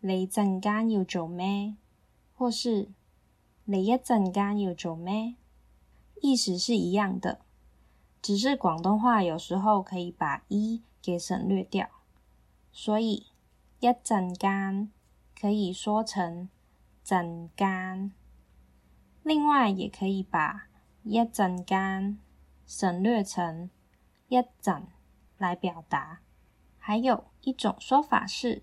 你陣間要做咩？或是你一陣間要做咩？意思是一樣的，只是廣東話有時候可以把一給省略掉，所以一陣間可以說成陣間。另外，也可以把一陣間省略成一陣來表達。還有一種說法是。